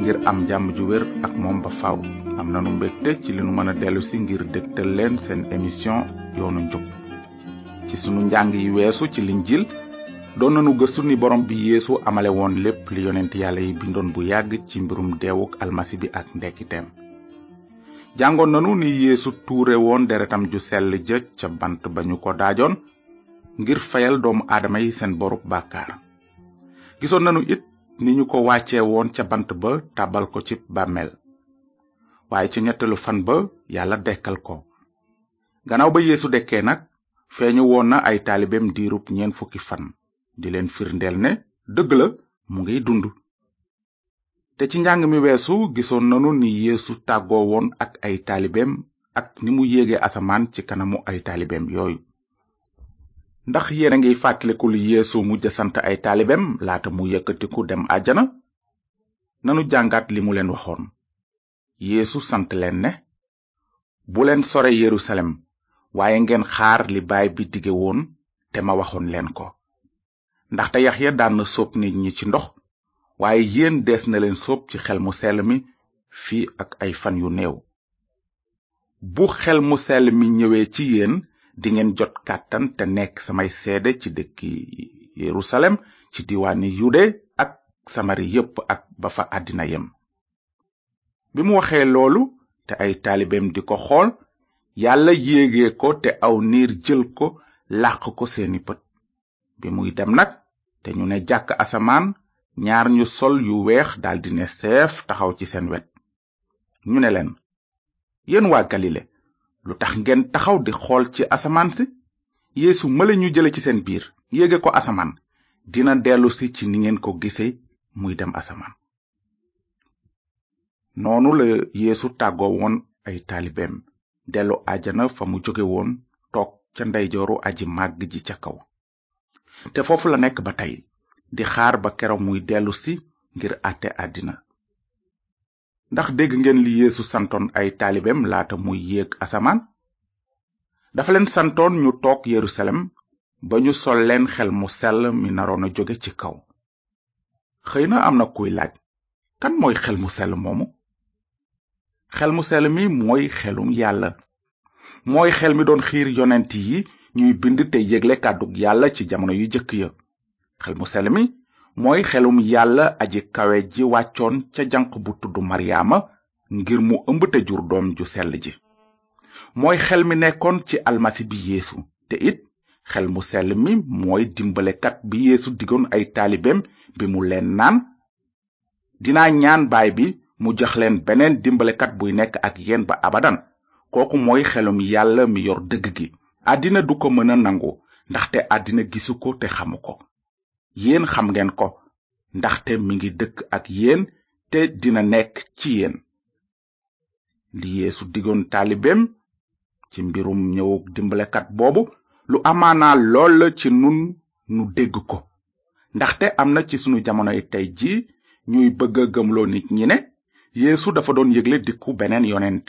ngir am jàmm ju wér ak moom ba faw am nanu mbégte ci li nu mën a dellu si ngir dégtal leen seen émission yoonu njub ci sunu njàng yi weesu ci linjiil doon nanu gëstu ni borom bi yeesu amale woon lépp li yonent yàlla yi bindoon bu yàgg ci mbirum deewuk almasi bi ak ndekkiteem jàngoon nanu ni yéesu tuure woon deretam ju sell ja ca bant ba ñu ko daajoon ngir fayal doomu aadama yi seen borub bàkkaar gisoon nanu it ni ñu ko wàcce woon ca bant ba tàbbal ko ci bàmmeel waaye ci ñetteelu fan ba yàlla dekkal ko gannaaw ba yéesu dekkee nag feeñu woon na ay taalibeem diirub ñeent fukki fan di leen firndeel ne dëgg la mu ngiy dund te ci njàng mi weesu gisoon nanu ni yéesu tàggoo woon ak ay taalibeem ak ni mu yéege asamaan ci kanamu ay taalibeem yooyu ndax yéen a ngi fàttalikul yeesu mujj sant ay taalibeem laata mu yëkkatiku dem àjjana nanu jàngaat li mu leen waxoon yéesu sant leen ne bu leen sore yerusalem waaye ngeen xaar li baay bi digge woon te ma waxoon leen ko ndaxte yaxya daan na sóob nit ñi ci ndox waaye yéen dees na leen sóob ci xel mu sell mi fii ak ay fan yu néew bu xel mu sell mi ñëwee ci yéen di jot kàttan te nekk samay seede ci dëkki yerusalem ci diwaani yude ak samari yépp ak ba fa àddina yem bi mu waxee loolu te ay taalibeem di ko xool yàlla yéege ko te aw niir jël ko làq ko seeni bët bi muy dem nag te ñu ne jàkk asamaan ñaar ñu sol yu weex daldi ne seef taxaw ci seen wet ñu ne leen yéen waa galile lu tax ngeen taxaw di xool ci asamaan si yeesu male ñu jële ci seen biir yéege ko asamaan dina dellusi ci ni ngeen ko gisee muy dem asamaan noonu la yéesu tàggoo woon ay taalibeem dellu ajana fa mu jóge woon toog ca ndeyjooru aji màgg ji ca kaw te foofu la nekk ba tey di xaar ba keroog muy dellusi ngir àtte àddina ndax dégg ngeen li yeesu santoon ay taalibeem laata muy yéeg asamaan dafa leen santoon ñu toog yerusalem ba ñu sol leen xel mu sel mi naroon a jóge ci kaw xëy na am na kuy laaj kan mooy xel mu sell moomu xel mu sel mi mooy xelum yàlla mooy xel mi doon xiir yonent yi ñuy bind te yégle kàddug yàlla ci jamono yu jëkk ya xel mu sell mi mooy xelum yàlla aji kawe ji wàccoon ca janq bu tudd maryaama ngir mu ëmb te jur doom ju sell ji mooy xel mi nekkoon ci almasi bi yéesu te it xel mu sell mi mooy dimbalekat bi yéesu digoon ay taalibeem bi mu leen naan dinaa ñaan baay bi mu jox leen beneen dimbalekat buy nekk ak yéen ba abadan kooku mooy xelum yàlla mi yor dëgg gi àddina du ko mën a nangu ndaxte àddina gisu ko te xamu ko yéen xam ngeen ko ndaxte mi ngi dëkk ak yéen te dina nekk ci yéen li yeesu digoon taalibeem ci mbirum ñëwug dimbalekat boobu lu amaana lool la ci nun nu dégg ko ndaxte am na ci sunu jamonoy tey ji ñuy bëgg gëmloo nit ñi ne yéesu dafa doon yëgle dikku beneen yonent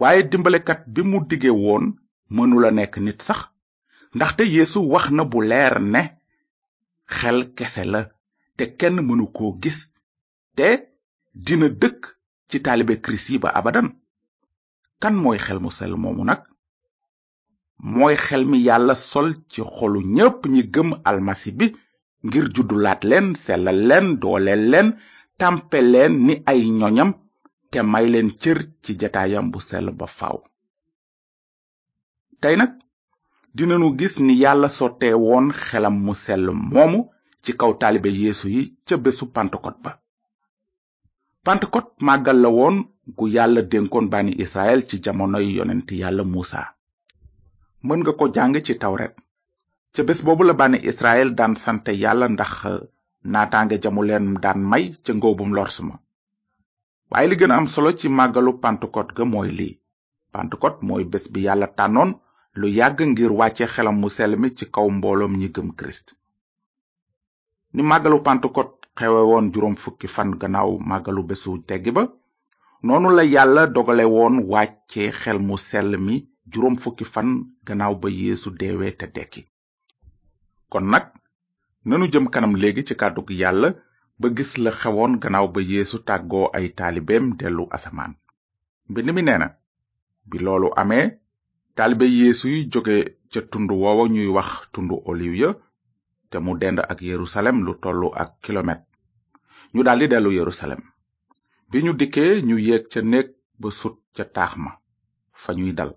waaye dimbalekat bi mu dige woon mënula nekk nit sax ndaxte yeesu wax na bu leer ne xel kese la te kenn mënu koo gis te dina dëkk ci taalibe kirist yi ba abadan kan mooy xel mu sell moomu nag mooy xel mi yàlla sol ci xolu ñépp ñi gëmm almasi bi ngir juddulaat leen sellal leen doole leen tàmpe leen ni ay ñoñam te may leen cër ci jataayam bu sell ba faw dinanu gis ni yàlla sottee woon xelam mu sell moomu ci kaw taalibe yéesu yi ca bésu pantekot ba pantekot màggal la woon gu yàlla dénkoon bani israel ci jamonoy yonent yàlla muusa mën nga ko jàng ci tawret ca bés boobu la bani israel daan sante yàlla ndax naataange jamu leen daan may ca ngóobum lorsuma waaye li gën am solo ci màggalu pantekot ga mooy lii pantekot mooy bés bi yàlla tànnoon lu yàgg ngir wàcce xelam mu sell mi ci kaw mbooloom ñi gëm kirist ni màggalu Pentecôte xewe woon juróom fukki fan gannaaw màggalu bésu teggi ba noonu la yàlla dogale woon wàcce xel mu sell mi juróom fukki fan gannaaw ba yeesu deewee te dekki kon nag nanu jëm kanam léegi ci kàddug yàlla ba gis la xewoon gannaaw ba yeesu tàggoo ay taalibeem dellu asamaan mbind mi nee bi loolu amee taalibe yeesu yi jóge ca tund woowa ñuy wax tundu oliw te mu dend ak yerusalem lu tollu ak kilomètre ñu daldi dellu yerusalem bi ñu dikkee ñu yéeg ca néeg ba sut ca taax ma fa ñuy dal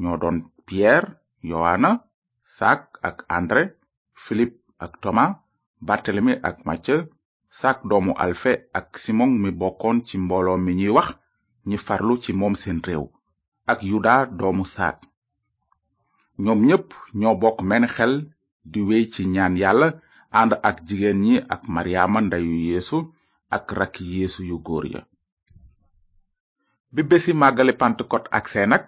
ñoo doon piyeer yowaana saak ak andre filip ak toma bartelemi ak macca saak doomu alfe ak simon mi bokkoon ci mbooloo mi ñuy wax ñi farlu ci moom seen réew ak yuda doomu saat ñoom ñépp ñoo bokk menn xel di wéy ci ñaan yàlla ànd ak jigéen ñi ak maryaama ndeyu yéesu ak rakki yeesu yu góor ya bi bési màggale pantekot agsee nag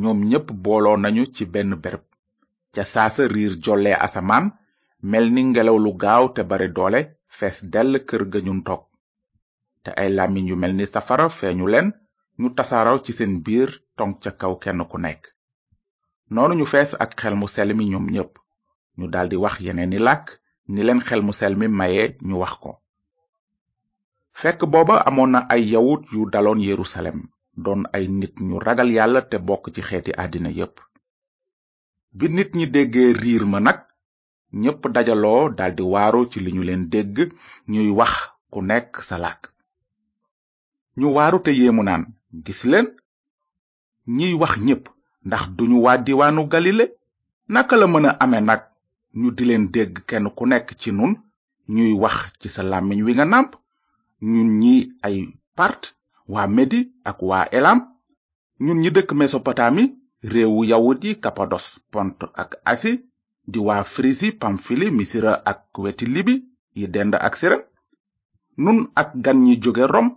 ñoom ñépp booloo nañu ci benn bereb ca saasa riir jollee asamaan mel ni ngelaw lu gaaw te bari doole fees dell kër ga ñu toog te ay làmmiñ yu mel ni safara feeñu leen ñu tasaaraw ci seen biir tong ca kaw kenn ku nekk noonu ñu fees ak xel mu sel mi ñoom ñépp ñu daldi wax yeneeni làkk ni leen xel mu sel mi maye ñu wax ko fekk booba amoon na ay yawut yu daloon yerusalem doon ay nit ñu ragal yàlla te bokk ci xeeti àddina yépp bi nit ñi déggee riir ma nag ñépp dajaloo daldi waaru ci li ñu leen dégg ñuy wax ku nekk sa làkk ñu waaru te yéemu naan gis leen ñiy wax ñépp ndax duñu waa diwaanu galile naka la mën a ame nag ñu di leen dégg kenn ku nekk ci nun ñuy wax ci sa làmmiñ wi nga nàmp ñun ñi ay part waa medi ak waa elam ñun ñi dëkk mesopotami réew yawut yi kapados pont ak asi di waa frisi pamfili misira ak weti libi yi dend ak sira nun ak gan ñi jóge rom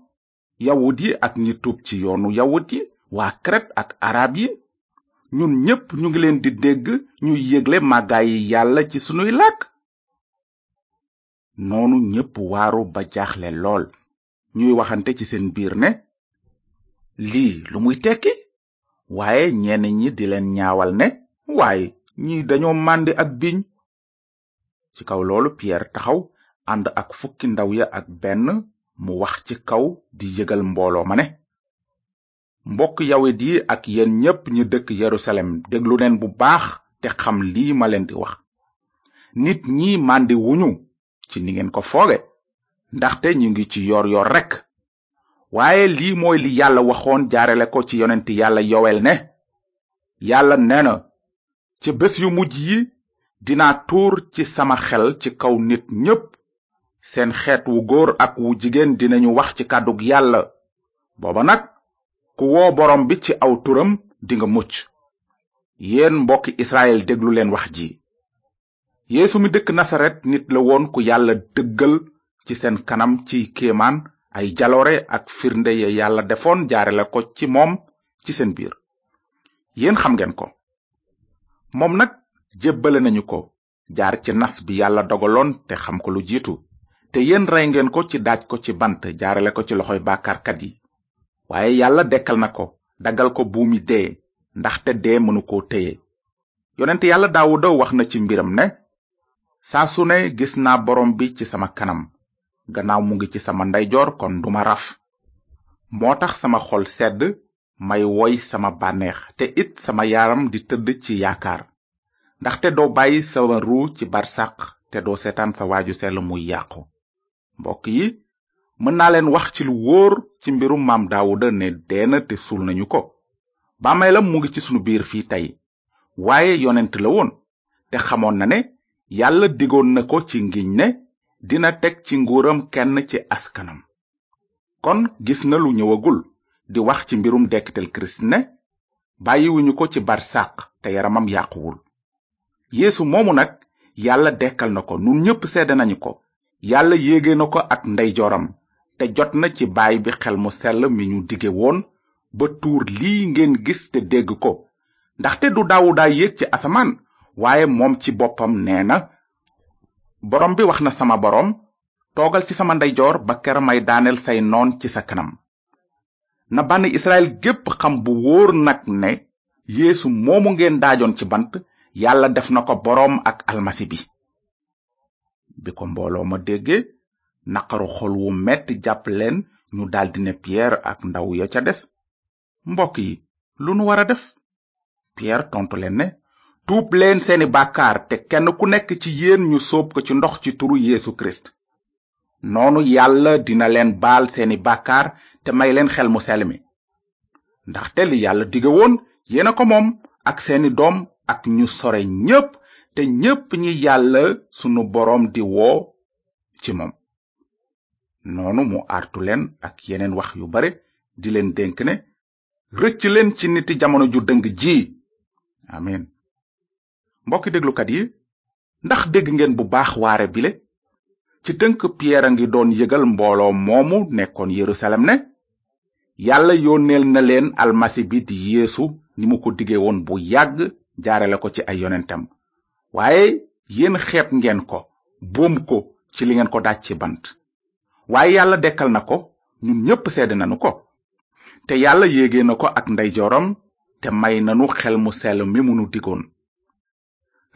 yawut yi ak ñi tuub ci yoonu yawut yi waa kret ak araab yi ñun ñépp ñu ngi leen di dégg ñuy yégle yi yàlla ci sunuy làkk noonu ñépp waaru ba jaaxle lool ñuy waxante ci seen biir ne lii lu muy tekki waaye ñenn ñi di leen ñaawal ne waaye ñi dañoo màndi ak biñ ci kaw loolu Pierre taxaw ànd ak fukki ndaw ya ak benn mu wax ci kaw di yëgal mbooloo ma ne mbokk yawit yi ak yéen ñépp ñi dëkk yerusalem déglu leen bu baax te xam lii ma leen di wax nit ñi màndi wuñu ci ni ko fooge ndaxte ñu ngi ci yor yor rekk waaye lii mooy li yàlla waxoon jaarale ko ci yonent yàlla yowel ne yàlla nee na ci bés yu mujj yi dina tuur ci sama xel ci kaw nit ñépp seen xeet wu góor ak wu jigéen dinañu wax ci kàddug yàlla booba nag ku woo borom bi ci aw turam dinga mucc yéen mbokki israel déglu leen wax ji yeesu mi dëkk nasaret nit la woon ku yàlla dëggal ci seen kanam ci kéemaan ay jaloore ak firnde ya yàlla defoon jaare la ko ci moom ci seen biir yéen xam ngeen ko moom nag jébbale nañu ko jaar ci nas bi yàlla dogaloon te xam ko lu jiitu te yéen rey ngeen ko ci daaj ko ci bant jaarale ko ci loxoy bàkkaarkat yi waaye yàlla dekkal na ko daggal ko buumi dee ndaxte dee mënu ko téye yonent yàlla daawuda wax na ci mbiram ne saa su ne gis naa borom bi ci sama kanam gannaaw mu ngi ci sama ndeyjoor kon duma raf moo tax sama xol sedd may woy sama bànneex te it sama yaaram di tëdd ci yaakaar ndaxte doo bàyyi sama ruu ci barsàq te doo seetaan sa waaju sell muy yàqu mbokk mën naa leen wax ci lu wóor ci mbirum maam daawuda ne deena te suul nañu ko bàmmeelam mu ngi ci sunu biir fii tey waaye yonent la woon te xamoon na ne yàlla diggoon na ko ci ngiñ ne dina teg ci nguuram kenn ci askanam kon gis na lu ñëwagul di wax ci mbirum dekkital kirist ne bàyyiwuñu ko ci barsàq te yaramam yàquwul yéesu moomu nag yàlla dekkal na ko nun ñépp seede nañu ko yàlla yéege na ko ak ndeyjooram te jot na ci baay bi xel mu sell mi ñu dige woon ba tuur lii ngeen gis te dégg ko ndaxte du daawudaa yéeg ci asamaan waaye moom ci boppam nee na boroom bi wax na sama boroom toogal ci sama ndeyjoor ba kera may daaneel say noon ci sa kanam na bànn israel gépp xam bu wóor nag ne yéesu moomu ngeen daajoon ci bant yàlla def na ko boroom ak almasi bi bi ko mbooloo ma dégge naqaru xol wu metti jàpp leen ñu daldi ne piyeer ak ndaw ya ca des mbokk yi lu nu wara def piyeer tontu leen ne tuub leen seeni bàkkaar te kenn ku nekk ci yéen ñu sóob ko ci ndox ci turu yéesu kirist noonu yàlla dina leen baal seeni bàkkaar te may leen xel mu sel mi ndaxte li yàlla dige woon yéena ko moom ak seeni doom ak ñu sore ñépp te ñépp ñi yàlla sunu boroom di woo ci moom noonu mu artu leen ak yeneen wax yu bare di leen dénk ne rëcc leen ci niti jamono ju dëng ji amin mbokki déglukat yi ndax dégg ngeen bu baax waare bile ci dënk piyeer a ngi doon yëgal mbooloo moomu nekkoon yerusalem ne yàlla yónneel na leen almasi bi di yéesu ni mu ko dige woon bu yàgg jaarale ko ci ay yonentam waaye yéen xeeb ngeen ko boom ko ci li ngeen ko daaj ci bant waaye yàlla dekkal na ko ñun ñépp seede nanu ko te yàlla yéege na ko ak ndeyjooram te may nanu xel mu sel mi munu digoon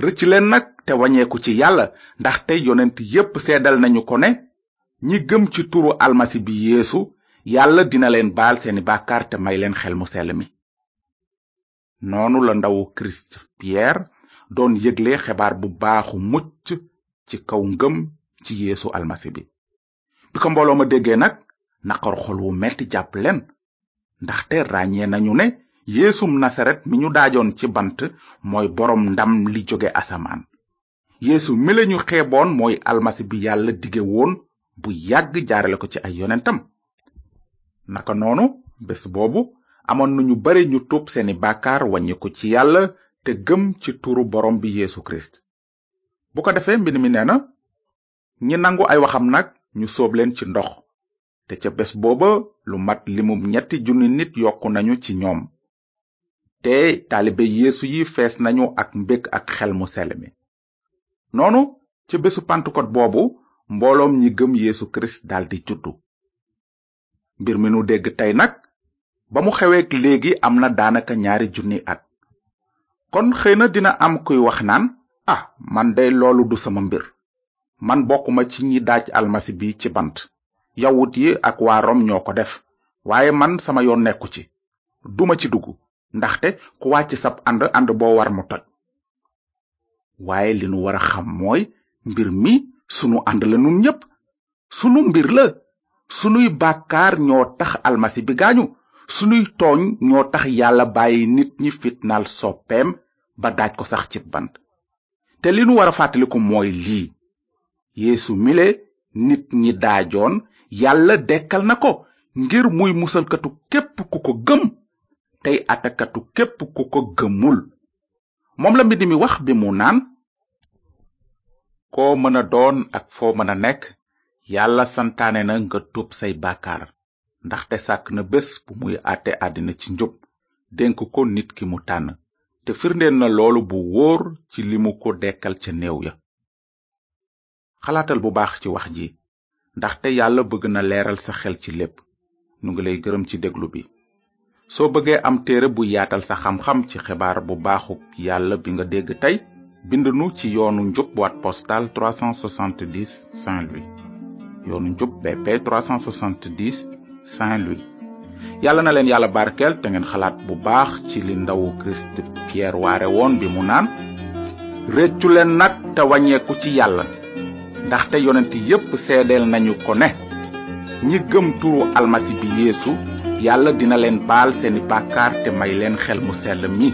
rëcc leen nag te wañeeku ci yàlla ndaxte yonent yépp seedal nañu ko ne ñi gëm ci turu almasi bi yéesu yàlla dina leen baal seeni bàkkaar te may leen xel mu sel mi noonu la ndawu kirist pierre doon yëgle xebaar bu baaxu mucc ci kaw ngëm ci yeesu almasi bi bi ko mbooloo ma déggee nag naqar xol wu metti jàpp leen ndaxte ràññee nañu ne yeesum nasaret mi ñu daajoon ci bant mooy boroom ndam li jóge asamaan yeesu mi lañu xeeboon mooy almasi bi yàlla dige woon bu yàgg jaarale ko ci ay yonentam naka noonu bés boobu amoon na ñu bare ñu tuub seeni bàkkaar wàññiku ci yàlla te gëm ci tuuru borom bi yeesu kirist bu ko defee mbind mi nee na ñi nangu ay waxam nag ñu soob leen ci ndox te ca bés booba lu mat limum ñetti junni nit yokku nañu ci ñoom te taalibe yeesu yi fees nañu ak mbég ak xel mu sell mi noonu ci bésu pantekot boobu mbooloom ñi gëm yeesu kirist daldi juddu mbir mi nu dégg tey nag ba mu xeweek léegi am na daanaka ñaari junni at kon xëy na dina am kuy wax naan ah man day loolu du sama mbir man bokkuma ci ñi daaj almasi bi ci bant yawut yi ak waa rom ñoo ko def waaye man sama yoon nekku ci duma ci dugg ndaxte ku wàcc sab ànd ànd boo war mu toj waaye li nu war a xam mooy mbir mi sunu ànd la nun ñépp sunu mbir la sunuy bàkkaar ñoo tax almasi bi gaañu sunuy tooñ ñoo tax yàlla bàyyi nit ñi fitnaal soppeem ba daaj ko sax ci bant te li nu war a fàttaliku mooy lii yéesu mile nit ñi daajoon yàlla dekkal na ko ngir muy musalkatu képp ku ko gëm tey atakatu képp ku ko gëmul moom la mbind mi wax bi mu naan koo mën a doon ak foo mën a nekk yàlla santaane na nga tuub say bàkkaar ndaxte sàkk na bés bu muy àtte àddina ci njub dénk ko nit ki mu tànn te firndeel na loolu bu wóor ci limu ko dekkal ca néew ya xalaatal bu baax ci wax ji ndaxte yàlla bëgg na leeral sa xel ci lépp nu ngi lay gërëm ci déglu bi soo bëggee am téere bu yaatal sa xam-xam ci xibaar bu baaxu yàlla bi nga dégg tey bind nu ci yoonu njub boîte postale 370 Saint-Louis yoonu njub BP 370 Saint-Louis yàlla na leen yàlla barkeel te ngeen xalaat bu baax ci li ndawu Christ Pierre waare woon bi mu naan réccu leen nag te wàññeeku ci yàlla ndaxte yonent yépp seedeel nañu ko ne ñi gëm turu almasi bi yeesu yàlla dina leen baal seeni bàkkaar te may leen xel mu sell mi